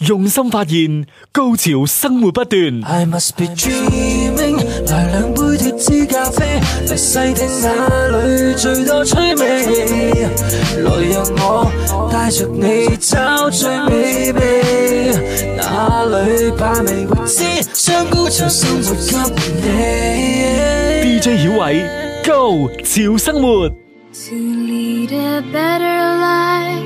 用心發現，高潮生活不斷。I must be dreaming，來兩杯脫脂咖啡，嚟細聽哪裡最多趣味。來讓我帶着你找最美味，哪裡把味未知，雙高潮生活給你。DJ 曉偉，Go 潮生活。To live a better life.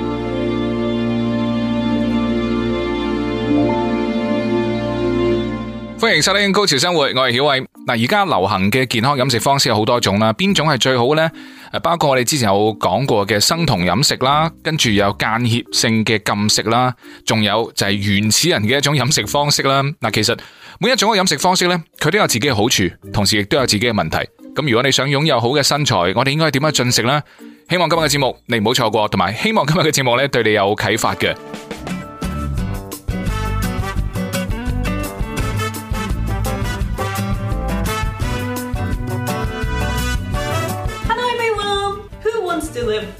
歡迎收聽《高潮生活》我曉，我係曉偉。嗱，而家流行嘅健康飲食方式有好多種啦，邊種係最好呢？誒，包括我哋之前有講過嘅生酮飲食啦，跟住有間歇性嘅禁食啦，仲有就係原始人嘅一種飲食方式啦。嗱，其實每一種嘅飲食方式呢，佢都有自己嘅好處，同時亦都有自己嘅問題。咁如果你想擁有好嘅身材，我哋應該點樣進食咧？希望今日嘅節目你唔好錯過，同埋希望今日嘅節目呢對你有啟發嘅。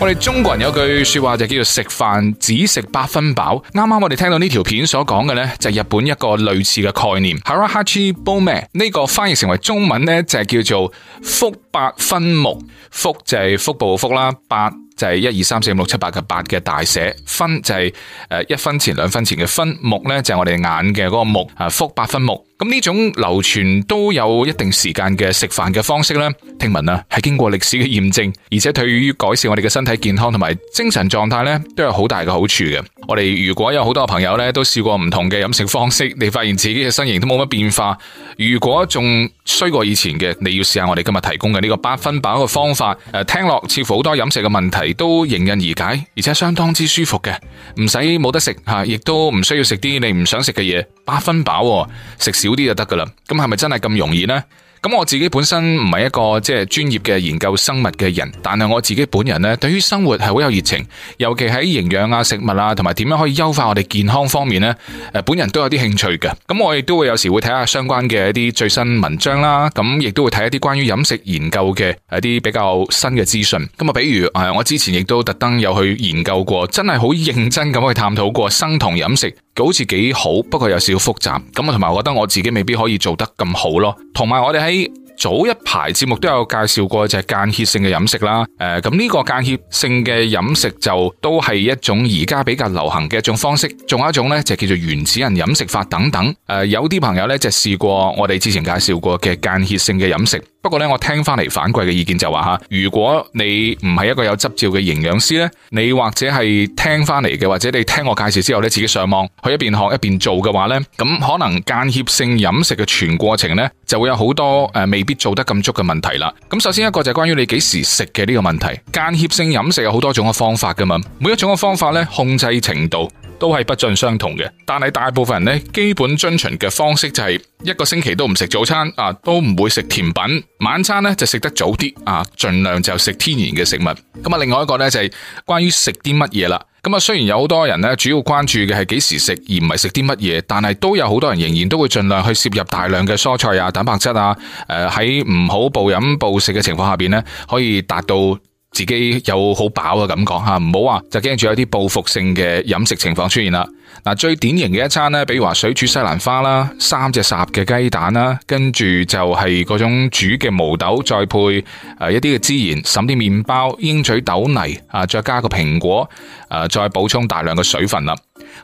我哋中國人有句說話就叫做食飯只食八分飽。啱啱我哋聽到呢條片所講嘅呢，就係、是、日本一個類似嘅概念。係 Hara hachi bome 呢，這個翻譯成為中文呢，就係叫做腹八分目。腹就係腹部嘅腹啦，八就係一二三四五六七八嘅八嘅大寫，分就係誒一分錢兩分錢嘅分，目呢，就係我哋眼嘅嗰個目啊，腹八分目。咁呢種流傳都有一定時間嘅食飯嘅方式呢，聽聞啊係經過歷史嘅驗證，而且對於改善我哋嘅身體健康同埋精神狀態呢，都有好大嘅好處嘅。我哋如果有好多朋友呢，都試過唔同嘅飲食方式，你發現自己嘅身形都冇乜變化，如果仲衰過以前嘅，你要試下我哋今日提供嘅呢個八分飽嘅方法。誒，聽落似乎好多飲食嘅問題都迎刃而解，而且相當之舒服嘅，唔使冇得食吓，亦都唔需要食啲你唔想食嘅嘢。八分飽食少啲就得噶啦，咁係咪真係咁容易呢？咁我自己本身唔係一個即係專業嘅研究生物嘅人，但係我自己本人呢，對於生活係好有熱情，尤其喺營養啊、食物啊，同埋點樣可以優化我哋健康方面呢，誒，本人都有啲興趣嘅。咁我亦都會有時會睇下相關嘅一啲最新文章啦，咁亦都會睇一啲關於飲食研究嘅一啲比較新嘅資訊。咁啊，比如誒，我之前亦都特登有去研究過，真係好認真咁去探討過生酮飲食。好似幾好，不過有少少複雜，咁啊同埋我覺得我自己未必可以做得咁好咯。同埋我哋喺早一排節目都有介紹過就係間歇性嘅飲食啦。誒、呃，咁、這、呢個間歇性嘅飲食就都係一種而家比較流行嘅一種方式，仲有一種咧就叫做原始人飲食法等等。誒、呃，有啲朋友咧就試、是、過我哋之前介紹過嘅間歇性嘅飲食。不過咧，我聽翻嚟反饋嘅意見就話、是、吓，如果你唔係一個有執照嘅營養師咧，你或者係聽翻嚟嘅，或者你聽我介紹之後咧，自己上網去一邊學一邊做嘅話咧，咁可能間歇性飲食嘅全過程咧，就會有好多誒未必做得咁足嘅問題啦。咁首先一個就係關於你幾時食嘅呢個問題，間歇性飲食有好多種嘅方法噶嘛，每一種嘅方法咧控制程度。都係不盡相同嘅，但係大部分人呢基本遵循嘅方式就係一個星期都唔食早餐啊，都唔會食甜品，晚餐呢就食得早啲啊，盡量就食天然嘅食物。咁啊，另外一個呢，就係關於食啲乜嘢啦。咁啊，雖然有好多人呢主要關注嘅係幾時食，而唔係食啲乜嘢，但係都有好多人仍然都會盡量去攝入大量嘅蔬菜啊、蛋白質啊。誒，喺唔好暴飲暴食嘅情況下邊呢可以達到。自己飽、啊、有好飽嘅感覺吓，唔好話就驚住有啲報復性嘅飲食情況出現啦。嗱，最典型嘅一餐咧，比如話水煮西蘭花啦，三隻烚嘅雞蛋啦，跟住就係嗰種煮嘅毛豆，再配誒一啲嘅孜然，甚啲麵包、鷹嘴豆泥啊，再加個蘋果，誒再補充大量嘅水分啦。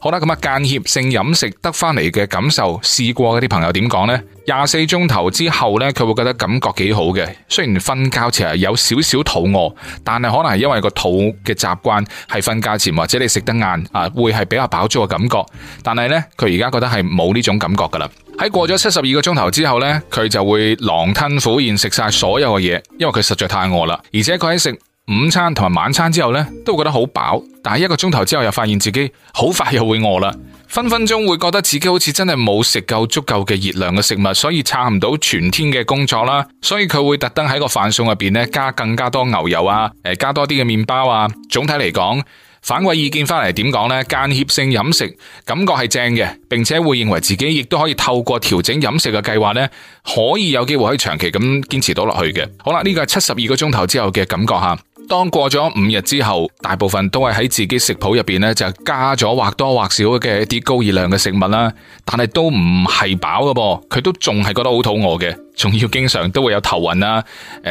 好啦，咁啊間歇性飲食得翻嚟嘅感受，試過一啲朋友點講呢？廿四鐘頭之後呢，佢會覺得感覺幾好嘅。雖然瞓覺前有少少肚餓，但係可能係因為個肚嘅習慣係瞓覺前或者你食得晏啊，會係比較飽咗感覺，但係呢，佢而家覺得係冇呢種感覺噶啦。喺過咗七十二個鐘頭之後呢，佢就會狼吞虎嚥食晒所有嘅嘢，因為佢實在太餓啦。而且佢喺食午餐同埋晚餐之後呢，都會覺得好飽。但係一個鐘頭之後，又發現自己好快又會餓啦，分分鐘會覺得自己好似真係冇食夠足夠嘅熱量嘅食物，所以撐唔到全天嘅工作啦。所以佢會特登喺個飯餸入邊呢，加更加多牛油啊，誒，加多啲嘅麵包啊。總體嚟講。反饋意見翻嚟點講呢？間歇性飲食感覺係正嘅，並且會認為自己亦都可以透過調整飲食嘅計劃呢，可以有機會可以長期咁堅持到落去嘅。好啦，呢個係七十二個鐘頭之後嘅感覺吓。當過咗五日之後，大部分都係喺自己食譜入邊呢，就加咗或多或少嘅一啲高熱量嘅食物啦，但係都唔係飽噶噃，佢都仲係覺得好肚餓嘅，仲要經常都會有頭暈啊，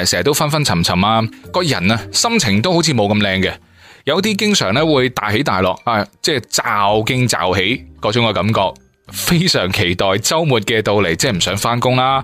成日都昏昏沉沉啊，個人啊心情都好似冇咁靚嘅。有啲經常咧會大起大落，誒、哎，即係驟驚驟起，各種嘅感覺。非常期待周末嘅到嚟，即係唔想翻工啦。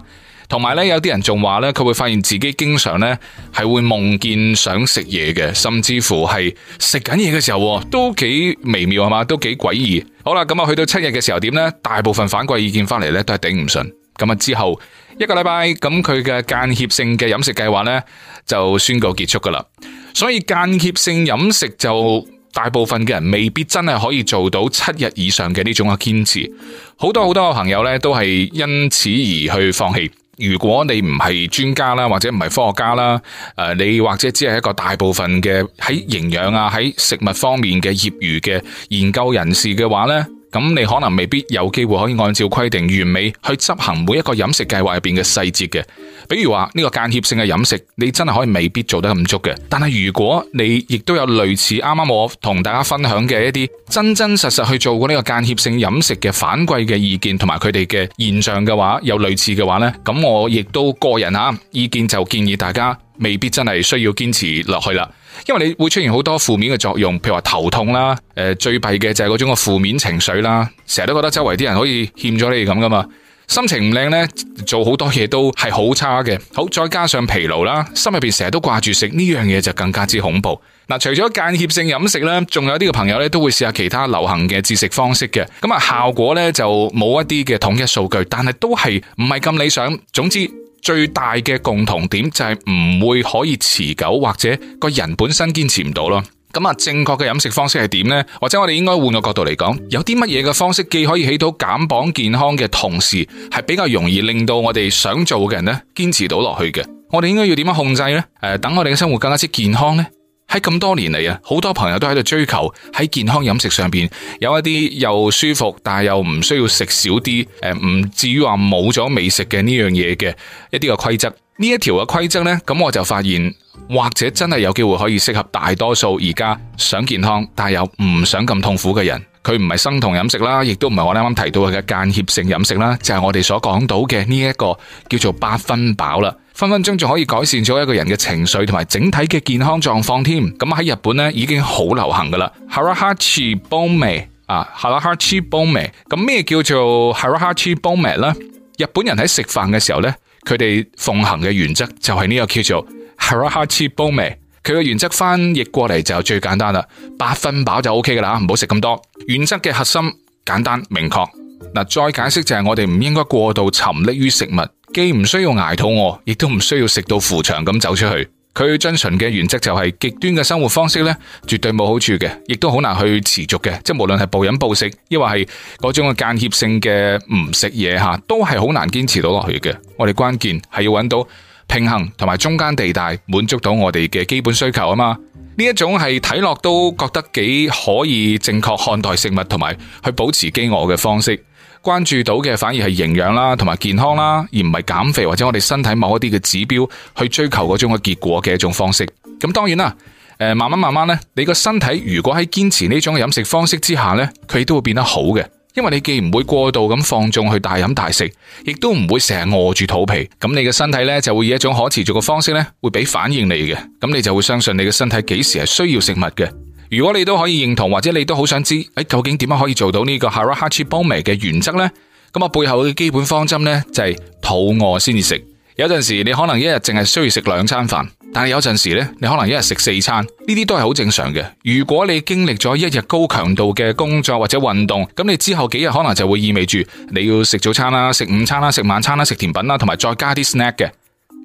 同埋咧，有啲人仲話咧，佢會發現自己經常咧係會夢見想食嘢嘅，甚至乎係食緊嘢嘅時候都幾微妙啊嘛，都幾詭異。好啦，咁啊，去到七日嘅時候點呢？大部分反饋意見翻嚟咧都係頂唔順，咁啊之後。一個禮拜咁，佢嘅間歇性嘅飲食計劃呢就宣告結束噶啦，所以間歇性飲食就大部分嘅人未必真係可以做到七日以上嘅呢種嘅堅持，好多好多嘅朋友呢都係因此而去放棄。如果你唔係專家啦，或者唔係科學家啦，誒，你或者只係一個大部分嘅喺營養啊喺食物方面嘅業餘嘅研究人士嘅話呢。咁你可能未必有機會可以按照規定完美去執行每一個飲食計劃入邊嘅細節嘅，比如話，呢個間歇性嘅飲食，你真係可以未必做得咁足嘅。但係如果你亦都有類似啱啱我同大家分享嘅一啲真真實實去做過呢個間歇性飲食嘅反饋嘅意見同埋佢哋嘅現象嘅話，有類似嘅話呢，咁我亦都個人啊意見就建議大家未必真係需要堅持落去啦。因為你會出現好多負面嘅作用，譬如話頭痛啦，誒、呃、最弊嘅就係嗰種嘅負面情緒啦，成日都覺得周圍啲人可以欠咗你咁㗎嘛，心情唔靚呢，做好多嘢都係好差嘅。好，再加上疲勞啦，心入邊成日都掛住食呢樣嘢就更加之恐怖。嗱、啊，除咗間歇性飲食呢，仲有啲嘅朋友呢都會試下其他流行嘅節食方式嘅，咁、嗯、啊效果呢，就冇一啲嘅統一數據，但係都係唔係咁理想。總之。最大嘅共同點就係唔會可以持久，或者個人本身堅持唔到咯。咁啊，正確嘅飲食方式係點呢？或者我哋應該換個角度嚟講，有啲乜嘢嘅方式既可以起到減磅健康嘅同時，係比較容易令到我哋想做嘅人呢堅持到落去嘅？我哋應該要點樣控制呢？誒，等我哋嘅生活更加之健康呢？喺咁多年嚟啊，好多朋友都喺度追求喺健康飲食上邊有一啲又舒服但係又唔需要食少啲，誒，唔至於話冇咗美食嘅呢樣嘢嘅一啲嘅規則。呢一條嘅規則呢，咁我就發現或者真係有機會可以適合大多數而家想健康但係又唔想咁痛苦嘅人。佢唔係生酮飲食啦，亦都唔係我啱啱提到嘅間歇性飲食啦，就係我哋所講到嘅呢一個叫做八分飽啦。分分鐘仲可以改善咗一個人嘅情緒同埋整體嘅健康狀況添。咁喺日本咧已經好流行噶啦 harahachi bonme 啊 harahachi bonme。咁咩叫做 harahachi bonme 咧？日本人喺食飯嘅時候咧，佢哋奉行嘅原則就係呢個叫做 harahachi bonme。佢嘅原則翻譯過嚟就最簡單啦，八分飽就 O K 噶啦，唔好食咁多。原則嘅核心簡單明確。嗱，再解釋就係我哋唔應該過度沉溺於食物。既唔需要捱肚餓，亦都唔需要食到扶牆咁走出去。佢遵循嘅原則就係極端嘅生活方式呢，絕對冇好處嘅，亦都好難去持續嘅。即係無論係暴飲暴食，亦或係嗰種嘅間歇性嘅唔食嘢吓，都係好難堅持到落去嘅。我哋關鍵係要揾到平衡同埋中間地帶，滿足到我哋嘅基本需求啊嘛。呢一種係睇落都覺得幾可以正確看待食物同埋去保持飢餓嘅方式。關注到嘅反而係營養啦，同埋健康啦，而唔係減肥或者我哋身體某一啲嘅指標去追求嗰種嘅結果嘅一種方式。咁當然啦，誒，慢慢慢慢咧，你個身體如果喺堅持呢種飲食方式之下咧，佢都會變得好嘅，因為你既唔會過度咁放縱去大飲大食，亦都唔會成日餓住肚皮。咁你嘅身體咧就會以一種可持續嘅方式咧會俾反應你嘅，咁你就會相信你嘅身體幾時係需要食物嘅。如果你都可以認同，或者你都好想知，誒，究竟點樣可以做到呢個 Hara Hachi Bun Me 嘅原則呢？咁、嗯、啊背後嘅基本方針呢，就係、是、肚餓先至食。有陣時你可能一日淨係需要食兩餐飯，但係有陣時呢，你可能一日食四餐，呢啲都係好正常嘅。如果你經歷咗一日高強度嘅工作或者運動，咁你之後幾日可能就會意味住你要食早餐啦、食午餐啦、食晚餐啦、食甜品啦，同埋再加啲 snack 嘅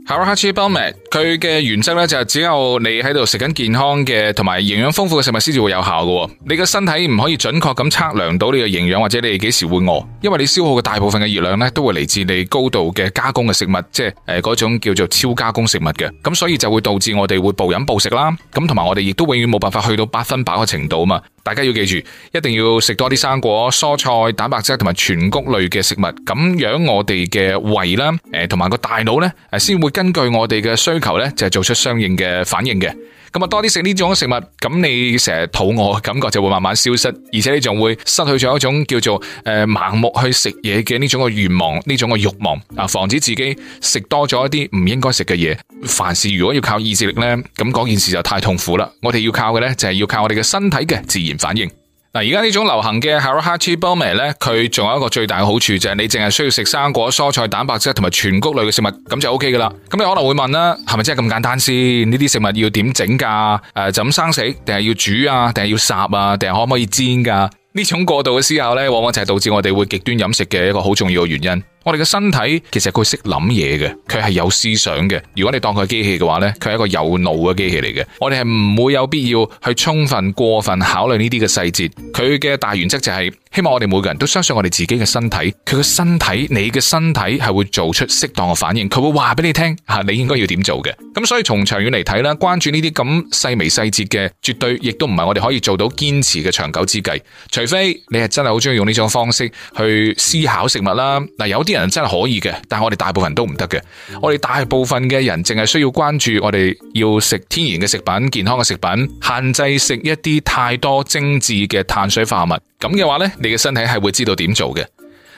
Hara Hachi Bun Me。佢嘅原則咧就係只有你喺度食緊健康嘅同埋營養豐富嘅食物先至會有效嘅。哦，你嘅身體唔可以準確咁測量到你嘅營養或者你幾時會餓，因為你消耗嘅大部分嘅熱量咧都會嚟自你高度嘅加工嘅食物，即係誒嗰種叫做超加工食物嘅。咁所以就會導致我哋會暴飲暴食啦。咁同埋我哋亦都永遠冇辦法去到八分飽嘅程度啊嘛。大家要記住，一定要食多啲生果、蔬菜、蛋白質同埋全穀類嘅食物，咁樣我哋嘅胃啦、同埋個大腦呢，先會根據我哋嘅需求。後咧就係做出相應嘅反應嘅，咁啊多啲食呢種食物，咁你成日肚餓感覺就會慢慢消失，而且你仲會失去咗一種叫做誒盲目去食嘢嘅呢種嘅願望，呢種嘅慾望啊，防止自己食多咗一啲唔應該食嘅嘢。凡事如果要靠意志力呢，咁嗰件事就太痛苦啦。我哋要靠嘅呢，就係要靠我哋嘅身體嘅自然反應。嗱，而家呢種流行嘅 Hara Hachi Bome 咧，佢仲有一個最大嘅好處就係你淨係需要食生果、蔬菜、蛋白質同埋全穀類嘅食物，咁就 OK 噶啦。咁你可能會問啦，係咪真係咁簡單先？呢啲食物要點整噶？誒，就咁生食定係要煮啊？定係要烚啊？定係可唔可以煎噶？呢種過度嘅思考咧，往往就係導致我哋會極端飲食嘅一個好重要嘅原因。我哋嘅身體其實佢識諗嘢嘅，佢係有思想嘅。如果你當佢係機器嘅話呢，佢係一個有腦嘅機器嚟嘅。我哋係唔會有必要去充分、過分考慮呢啲嘅細節。佢嘅大原則就係、是。希望我哋每個人都相信我哋自己嘅身體，佢個身體、你嘅身體係會做出適當嘅反應，佢會話俾你聽吓，你應該要點做嘅。咁所以從長遠嚟睇啦，關注呢啲咁細微細節嘅，絕對亦都唔係我哋可以做到堅持嘅長久之計。除非你係真係好中意用呢種方式去思考食物啦。嗱，有啲人真係可以嘅，但係我哋大部分都唔得嘅。我哋大部分嘅人淨係需要關注我哋要食天然嘅食品、健康嘅食品，限制食一啲太多精緻嘅碳水化合物。咁嘅話咧，你嘅身體係會知道點做嘅。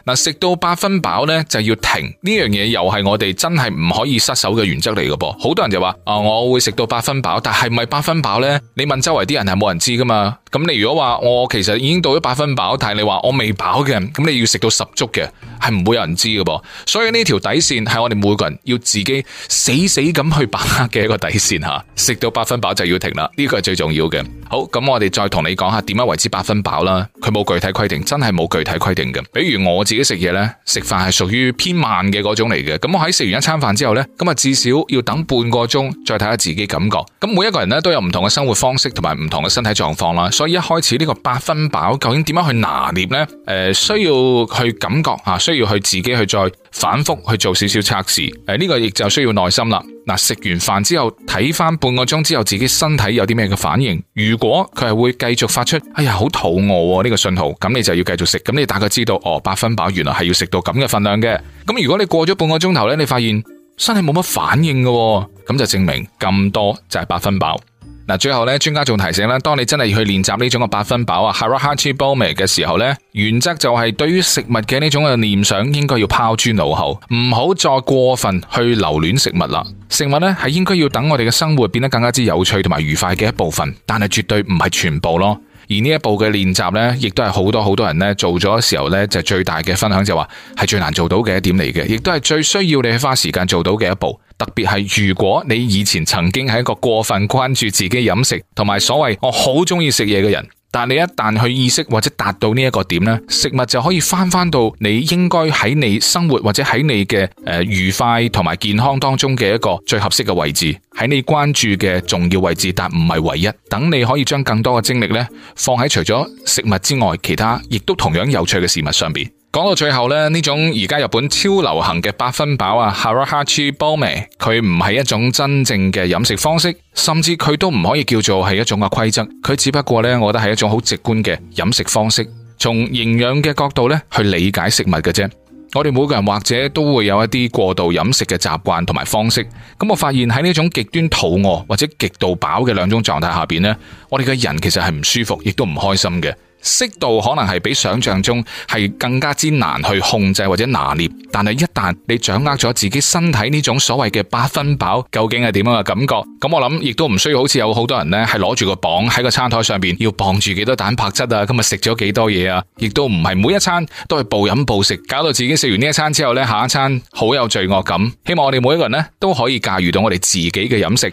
嗱，食到八分飽咧，就要停呢樣嘢，又係我哋真係唔可以失手嘅原則嚟嘅噃。好多人就話啊、哦，我會食到八分飽，但係唔係八分飽咧？你問周圍啲人係冇人知噶嘛咁你如果話我其實已經到咗八分飽，但係你話我未飽嘅，咁你要食到十足嘅，係唔會有人知嘅噃。所以呢條底綫係我哋每個人要自己死死咁去把握嘅一個底綫吓，食到八分飽就要停啦。呢個係最重要嘅。好，咁我哋再同你講下點樣維持八分飽啦。佢冇具體規定，真係冇具體規定嘅。比如我自己食嘢呢，食飯係屬於偏慢嘅嗰種嚟嘅。咁我喺食完一餐飯之後呢，咁啊至少要等半個鐘再睇下自己感覺。咁每一個人呢，都有唔同嘅生活方式同埋唔同嘅身體狀況啦。所以一開始呢個八分飽究竟點樣去拿捏呢？誒、呃，需要去感覺啊，需要去自己去再反覆去做少少測試。誒、呃，呢、這個亦就需要耐心啦。嗱、呃，食完飯之後睇翻半個鐘之後，自己身體有啲咩嘅反應？如果佢係會繼續發出哎呀好肚餓呢、哦這個信號，咁你就要繼續食。咁你大概知道哦，八分飽原來係要食到咁嘅份量嘅。咁如果你過咗半個鐘頭呢，你發現身體冇乜反應嘅、哦，咁就證明咁多就係八分飽。嗱，最後咧，專家仲提醒啦，當你真係要去練習呢種嘅八分飽啊，Hara Hachi Bomi 嘅時候咧，原則就係對於食物嘅呢種嘅念想應該要拋諸腦後，唔好再過分去留戀食物啦。食物咧係應該要等我哋嘅生活變得更加之有趣同埋愉快嘅一部分，但係絕對唔係全部咯。而呢一步嘅練習咧，亦都係好多好多人咧做咗時候咧，就是、最大嘅分享就話係最難做到嘅一點嚟嘅，亦都係最需要你去花時間做到嘅一步。特別係如果你以前曾經係一個過分關注自己飲食同埋所謂我好鍾意食嘢嘅人。但你一旦去意識或者達到呢一個點咧，食物就可以返返到你應該喺你生活或者喺你嘅誒愉快同埋健康當中嘅一個最合適嘅位置，喺你關注嘅重要位置，但唔係唯一。等你可以將更多嘅精力呢放喺除咗食物之外，其他亦都同樣有趣嘅事物上面。講到最後呢，呢種而家日本超流行嘅八分飽啊 harahachi bome，佢唔係一種真正嘅飲食方式，甚至佢都唔可以叫做係一種嘅規則。佢只不過呢，我覺得係一種好直觀嘅飲食方式，從營養嘅角度呢去理解食物嘅啫。我哋每個人或者都會有一啲過度飲食嘅習慣同埋方式。咁我發現喺呢種極端肚餓或者極度飽嘅兩種狀態下邊呢，我哋嘅人其實係唔舒服，亦都唔開心嘅。適度可能係比想象中係更加之難去控制或者拿捏，但係一旦你掌握咗自己身體呢種所謂嘅八分飽，究竟係點樣嘅感覺？咁、嗯、我諗亦都唔需要好似有好多人呢係攞住個磅喺個餐台上邊要磅住幾多蛋白質啊，今日食咗幾多嘢啊，亦都唔係每一餐都係暴飲暴食，搞到自己食完呢一餐之後呢，下一餐好有罪惡感。希望我哋每一個人呢都可以駕馭到我哋自己嘅飲食。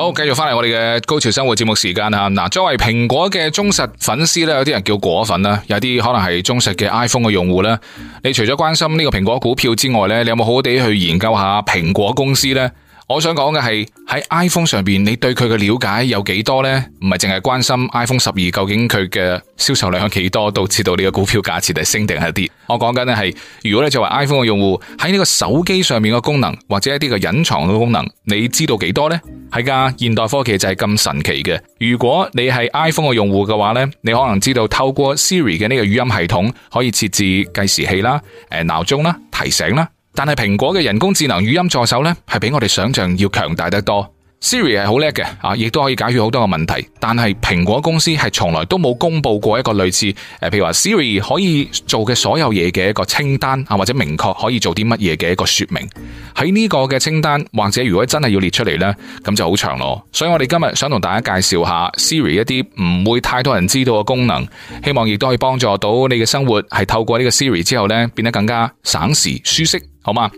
好，繼續翻嚟我哋嘅高潮生活節目時間啦。嗱，作為蘋果嘅忠實粉絲咧，有啲人叫果粉啦，有啲可能係忠實嘅 iPhone 嘅用戶咧。你除咗關心呢個蘋果股票之外咧，你有冇好好地去研究下蘋果公司咧？我想講嘅係喺 iPhone 上邊，你對佢嘅了解有幾多呢？唔係淨係關心 iPhone 十二究竟佢嘅銷售量有幾多，導致到你嘅股票價錢係升定係跌。我講緊咧係，如果你作為 iPhone 嘅用戶，喺呢個手機上面嘅功能或者一啲嘅隱藏嘅功能，你知道幾多呢？係噶，現代科技就係咁神奇嘅。如果你係 iPhone 嘅用戶嘅話呢，你可能知道透過 Siri 嘅呢個語音系統可以設置計時器啦、誒鬧鐘啦、提醒啦。但係蘋果嘅人工智能語音助手呢，係比我哋想象要強大得多。Siri 係好叻嘅，啊，亦都可以解決好多嘅問題。但係蘋果公司係從來都冇公布過一個類似，譬如話 Siri 可以做嘅所有嘢嘅一個清單，啊，或者明確可以做啲乜嘢嘅一個說明。喺呢個嘅清單，或者如果真係要列出嚟呢，咁就好長咯。所以我哋今日想同大家介紹下 Siri 一啲唔會太多人知道嘅功能，希望亦都可以幫助到你嘅生活，係透過呢個 Siri 之後呢，變得更加省時舒適。好嘛？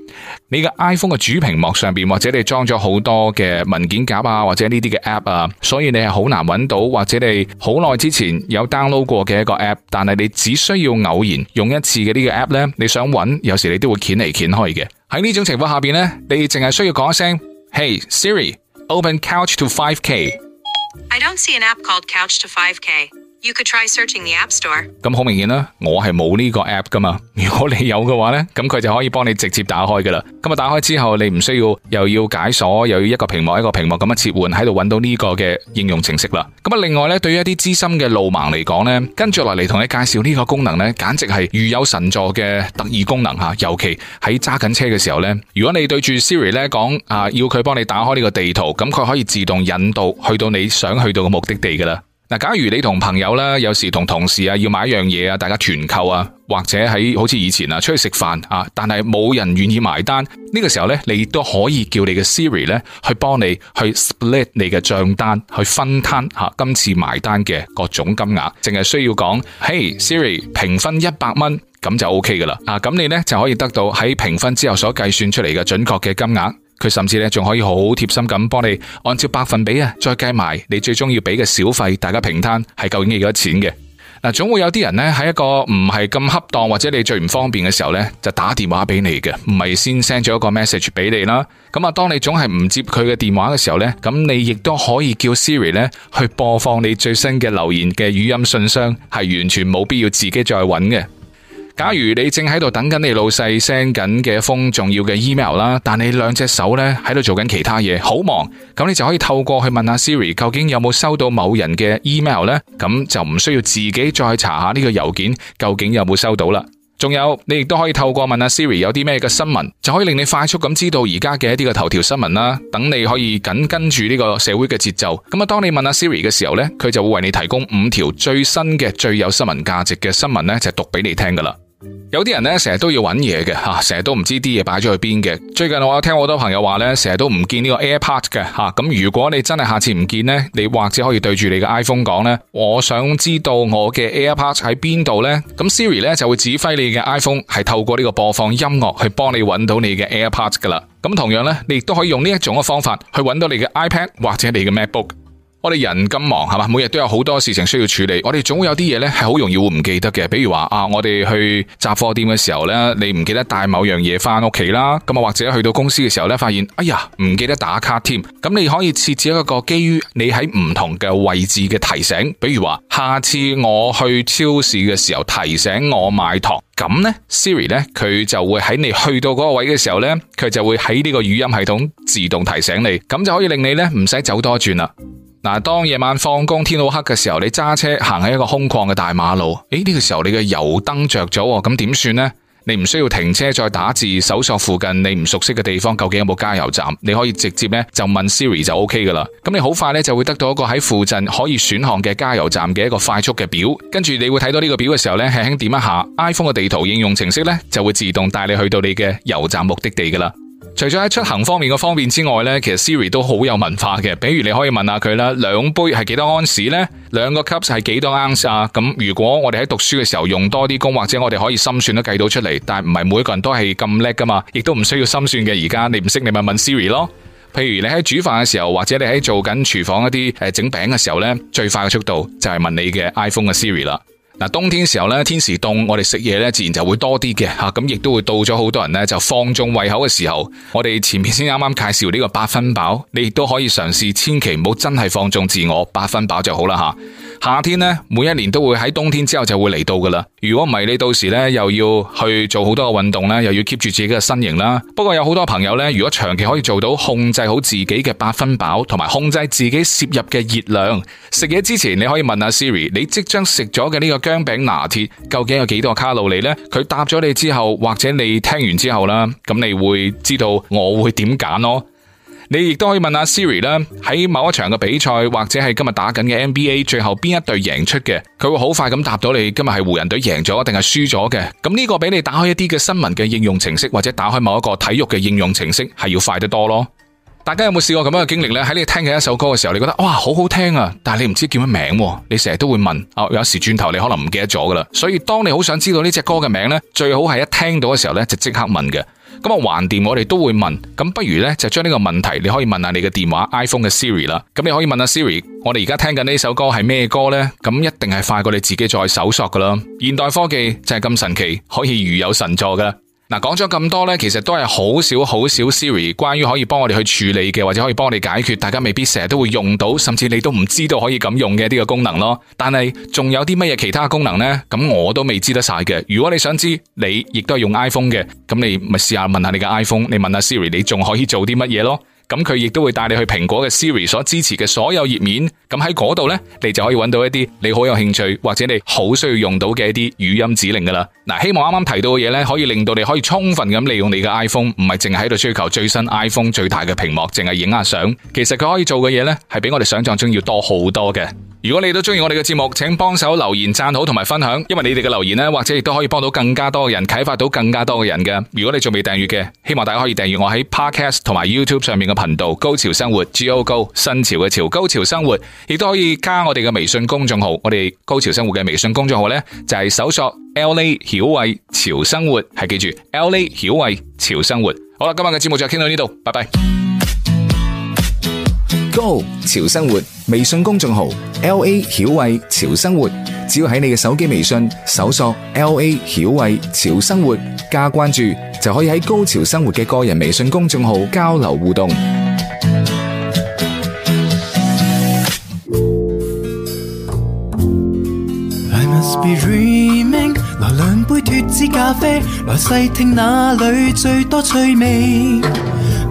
你個 iPhone 嘅主屏幕上邊或者你裝咗好多嘅文件夾啊，或者呢啲嘅 App 啊，所以你係好難揾到，或者你好耐之前有 download 過嘅一個 App，但係你只需要偶然用一次嘅呢個 App 咧，你想揾有時你都會掀嚟掀去嘅。喺呢種情況下邊呢，你淨係需要講一聲，Hey Siri，Open Couch to 5K。I You could try searching the App Store. 咁好明顯啦，我係冇呢個 app 噶嘛。如果你有嘅話呢，咁佢就可以幫你直接打開噶啦。咁啊，打開之後，你唔需要又要解鎖，又要一個屏幕一個屏幕咁樣切換，喺度揾到呢個嘅應用程式啦。咁啊，另外呢，對於一啲資深嘅路盲嚟講呢，跟住落嚟同你介紹呢個功能呢，簡直係如有神助嘅特異功能吓。尤其喺揸緊車嘅時候呢，如果你對住 Siri 呢講啊，要佢幫你打開呢個地圖，咁佢可以自動引導去到你想去到嘅目的地噶啦。嗱，假如你同朋友啦，有時同同事啊，要買一樣嘢啊，大家團購啊，或者喺好似以前啊，出去食飯啊，但係冇人願意埋單，呢個時候咧，你都可以叫你嘅 Siri 咧，去幫你去 split 你嘅賬單，去分攤吓今次埋單嘅各種金額，淨係需要講，Hey Siri 平分一百蚊，咁就 OK 噶啦，啊，咁你咧就可以得到喺平分之後所計算出嚟嘅準確嘅金額。佢甚至咧仲可以好貼心咁幫你按照百分比啊，再計埋你最終要俾嘅小費，大家平攤係究竟幾多錢嘅。嗱，總會有啲人呢，喺一個唔係咁恰當或者你最唔方便嘅時候呢，就打電話俾你嘅，唔係先 send 咗一個 message 俾你啦。咁啊，當你總係唔接佢嘅電話嘅時候呢，咁你亦都可以叫 Siri 呢，去播放你最新嘅留言嘅語音信箱，係完全冇必要自己再揾嘅。假如你正喺度等緊你老細 send 緊嘅封重要嘅 email 啦，但你兩隻手咧喺度做緊其他嘢，好忙，咁你就可以透過去問下 Siri 究竟有冇收到某人嘅 email 咧，咁就唔需要自己再去查下呢個郵件究竟有冇收到啦。仲有你亦都可以透過問下 Siri 有啲咩嘅新聞，就可以令你快速咁知道而家嘅一啲嘅頭條新聞啦。等你可以緊跟住呢個社會嘅節奏。咁啊，當你問下 Siri 嘅時候咧，佢就會為你提供五條最新嘅最有新聞價值嘅新聞咧，就係讀俾你聽噶啦。有啲人咧，成日都要揾嘢嘅吓，成、啊、日都唔知啲嘢擺咗去邊嘅。最近我有聽好多朋友話咧，成日都唔見呢個 AirPods 嘅吓。咁、啊、如果你真係下次唔見呢，你或者可以對住你嘅 iPhone 講呢：「我想知道我嘅 AirPods 喺邊度呢？呢」咁 Siri 咧就會指揮你嘅 iPhone 係透過呢個播放音樂去幫你揾到你嘅 AirPods 噶啦。咁同樣呢，你亦都可以用呢一種嘅方法去揾到你嘅 iPad 或者你嘅 MacBook。我哋人咁忙係嘛，每日都有好多事情需要處理。我哋總會有啲嘢咧，係好容易會唔記得嘅。比如話啊，我哋去雜貨店嘅時候咧，你唔記得帶某樣嘢翻屋企啦。咁啊，或者去到公司嘅時候咧，發現哎呀唔記得打卡添。咁你可以設置一個基於你喺唔同嘅位置嘅提醒，比如話，下次我去超市嘅時候提醒我買糖。咁呢 Siri 呢，佢就會喺你去到嗰個位嘅時候呢，佢就會喺呢個語音系統自動提醒你，咁就可以令你呢唔使走多轉啦。嗱，當夜晚放工天好黑嘅時候，你揸車行喺一個空曠嘅大馬路，誒呢個時候你嘅油燈着咗，咁點算呢？你唔需要停車再打字搜索附近你唔熟悉嘅地方究竟有冇加油站，你可以直接咧就問 Siri 就 OK 噶啦。咁你好快咧就會得到一個喺附近可以選項嘅加油站嘅一個快速嘅表，跟住你會睇到呢個表嘅時候咧，輕輕點一下 iPhone 嘅地圖應用程式咧就會自動帶你去到你嘅油站目的地噶啦。除咗喺出行方面嘅方便之外呢，其實 Siri 都好有文化嘅。比如你可以問下佢啦，兩杯係幾多安士呢？兩個 cups 係幾多盎司啊？咁如果我哋喺讀書嘅時候用多啲功，或者我哋可以心算都計到出嚟，但係唔係每個人都係咁叻噶嘛，亦都唔需要心算嘅。而家你唔識，你咪問,問 Siri 咯。譬如你喺煮飯嘅時候，或者你喺做緊廚房一啲誒整餅嘅時候呢，最快嘅速度就係問你嘅 iPhone 嘅 Siri 啦。嗱，冬天時候咧，天時凍，我哋食嘢咧，自然就會多啲嘅吓，咁亦都會到咗好多人咧就放縱胃口嘅時候，我哋前面先啱啱介紹呢個八分飽，你亦都可以嘗試，千祈唔好真係放縱自我，八分飽就好啦吓。夏天呢，每一年都會喺冬天之後就會嚟到噶啦。如果唔係，你到時呢又要去做好多嘅運動啦，又要 keep 住自己嘅身形啦。不過有好多朋友呢，如果長期可以做到控制好自己嘅八分飽，同埋控制自己攝入嘅熱量，食嘢之前你可以問下 Siri，你即將食咗嘅呢個薑餅拿鐵究竟有幾多卡路里呢？佢答咗你之後，或者你聽完之後啦，咁你會知道我會點揀咯。你亦都可以問下 Siri 啦，喺某一場嘅比賽或者係今日打緊嘅 NBA，最後邊一隊贏出嘅，佢會好快咁答到你今日係湖人隊贏咗定係輸咗嘅。咁呢個比你打開一啲嘅新聞嘅應用程式或者打開某一個體育嘅應用程式係要快得多咯。大家有冇試過咁樣嘅經歷呢？喺你聽緊一首歌嘅時候，你覺得哇好好聽啊，但係你唔知叫乜名、啊，你成日都會問。啊、哦，有時轉頭你可能唔記得咗噶啦。所以當你好想知道呢隻歌嘅名呢，最好係一聽到嘅時候呢，就即刻問嘅。咁啊，橫掂我哋都會問，咁不如呢，就將呢個問題，你可以問下你嘅電話 iPhone 嘅 Siri 啦。咁你可以問下 Siri，我哋而家聽緊呢首歌係咩歌呢？咁一定係快過你自己再搜索㗎啦。現代科技就係咁神奇，可以如有神助㗎。嗱，講咗咁多咧，其實都係好少好少 Siri，關於可以幫我哋去處理嘅，或者可以幫我哋解決，大家未必成日都會用到，甚至你都唔知道可以咁用嘅呢個功能咯。但係仲有啲乜嘢其他功能咧？咁我都未知得晒嘅。如果你想知，你亦都係用 iPhone 嘅，咁你咪試下問下你嘅 iPhone，你問下 Siri，你仲可以做啲乜嘢咯。咁佢亦都會帶你去蘋果嘅 Siri 所支持嘅所有頁面，咁喺嗰度呢，你就可以揾到一啲你好有興趣或者你好需要用到嘅一啲語音指令噶啦。嗱，希望啱啱提到嘅嘢呢，可以令到你可以充分咁利用你嘅 iPhone，唔係淨係喺度追求最新 iPhone 最大嘅屏幕，淨係影下相。其實佢可以做嘅嘢呢，係比我哋想象中要多好多嘅。如果你都中意我哋嘅節目，請幫手留言讚好同埋分享，因為你哋嘅留言呢，或者亦都可以幫到更加多嘅人，啟發到更加多嘅人嘅。如果你仲未訂閱嘅，希望大家可以訂閱我喺 Podcast 同埋 YouTube 上面嘅頻道高 Go，潮潮《高潮生活》G O G O 新潮嘅潮，高潮生活。亦都可以加我哋嘅微信公眾號，我哋《高潮生活》嘅微信公眾號呢，就係搜索 L A 曉慧潮生活，係記住 L A 曉慧潮生活。好啦，今晚嘅節目就傾到呢度，拜拜。Go 潮生活微信公眾號，L A 曉慧潮生活，只要喺你嘅手機微信搜索 L A 曉慧潮生活加關注，就可以喺高潮生活嘅個人微信公眾號交流互動。來兩杯脫脂咖啡，來細聽哪裏最多趣味。